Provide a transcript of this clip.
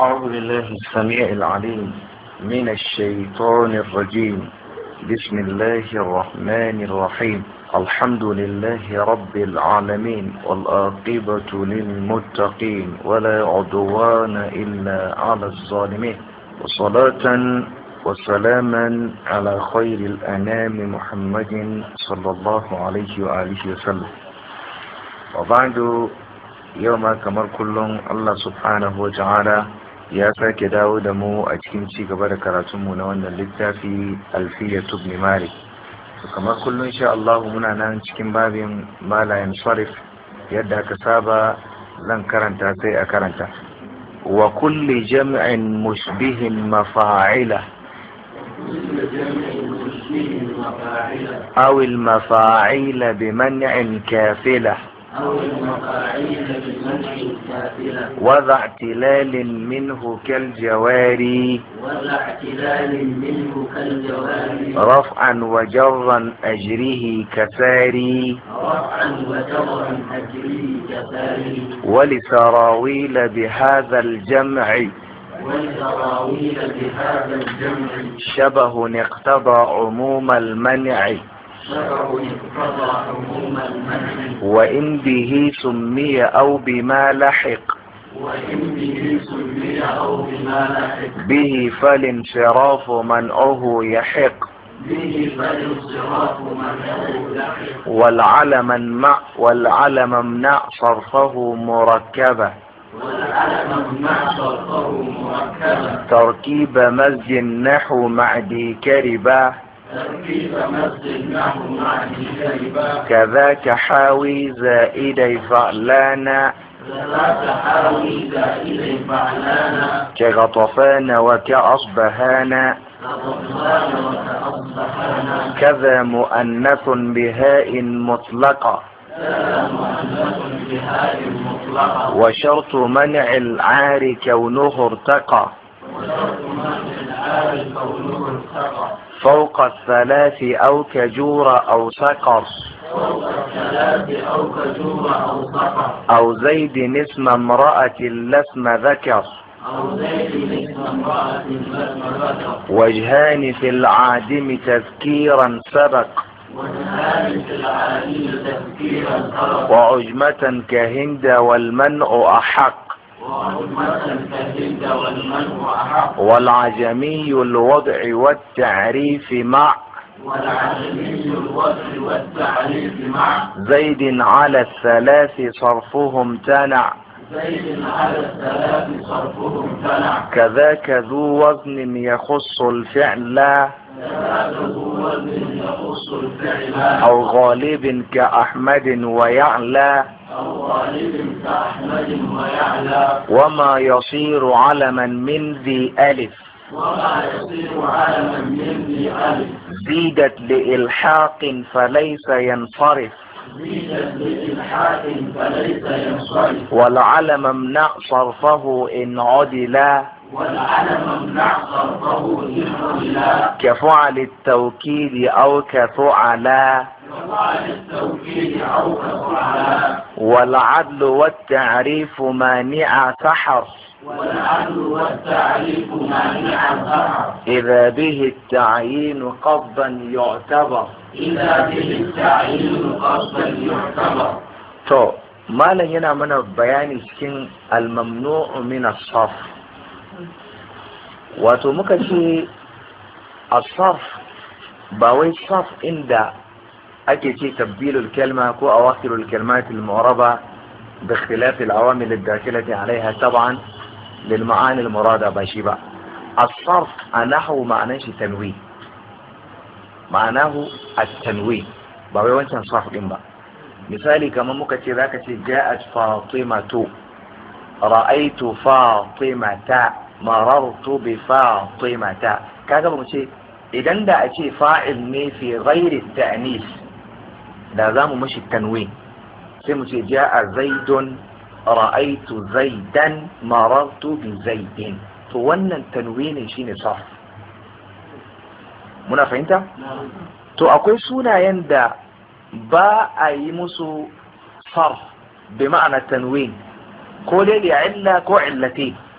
أعوذ بالله السميع العليم من الشيطان الرجيم بسم الله الرحمن الرحيم الحمد لله رب العالمين والآقبة للمتقين ولا عدوان إلا على الظالمين وصلاة وسلاما على خير الأنام محمد صلى الله عليه وآله وسلم وبعد يوم كمر كل الله سبحانه وتعالى ya sake dawo da mu a cikin ci gaba da karatunmu na wannan littafi alfiya tubni malik kamar kullum sha Allah muna nan cikin babin malayin sharif yadda aka saba zan karanta sai a karanta wa kulli jam'in mushbihin mafa'ila أو المفاعيل بمنع كافلة أو المقاعيد وذا اعتلال منه كالجواري وذا اعتلال منه كالجواري رفعا وجرا أجره كساري رفعا وجرا أجره كساري ولسراويل بهذا الجمع ولسراويل بهذا الجمع شبه اقتضى عموم المنع وإن به سمي أو بما لحق وإن به سمي أو بما لحق به فالانصراف منعه يحق به فالانصراف منعه يحق والعلم مع والعلم امنع صرفه مركبة والعلم مع صرفه مركبة تركيب مزج نحو معدي كربا كذاك حاوي زائد فعلانا كغطفان وكأصبهانا كذا مؤنث بهاء مطلقة وشرط منع العار كونه ارتقى فوق الثلاث أو كجور أو سقر فوق الثلاث أو كجور أو سقر أو زيد اسم امرأة لسم ذكر أو زيد اسم امرأة لسم ذكر وجهان في العادم تذكيرا سبق وعجمة كهند والمنع أحق والعجمي الوضع والتعريف مع والعجمي الوضع والتعريف مع زيد على الثلاث صرفه امتنع زيد على الثلاث صرفهم تنع كذاك ذو وزن يخص الفعل أو غالب كأحمد ويعلى طالب كأحمد ويعلى وما يصير علما من ذي ألف وما يصير علما من ذي ألف زيدت لإلحاق فليس ينصرف فليس ينصرف والعلم امنع صرفه إن عدلا والعلم امنع صرفه إن عدلا كفعل التوكيد أو كفعلا والعدل والتعريف مانع سحر والعدل والتعريف مانع سحر إذا به التعيين قبضا يعتبر إذا به التعيين قبضا يعتبر تو ما لهنا من بيان السن الممنوع من الصرف واتو مكشي الصرف باوي الصرف عند أكيد شيء تبديل الكلمة كو أواصل الكلمات المعربة باختلاف العوامل الداخلة عليها طبعا للمعاني المرادة بشيبة الصرف نحو معناه تنويه معناه التنويه بابي وانت صرف إنبا مثالي كما مكتب جاءت فاطمة رأيت فاطمة مررت بفاطمة كذا بمشي إذا أنت أشي فاعل في غير التأنيث da za mu mashi tanwin sai mu ce ja'a zaidun ra'aitu zaidan marartu bi zaidin to wannan tanwinin shine sarf muna fahimta to akwai sunayen da ba a yi musu sarf bi ma'ana tanwin ko dai da illa ko illati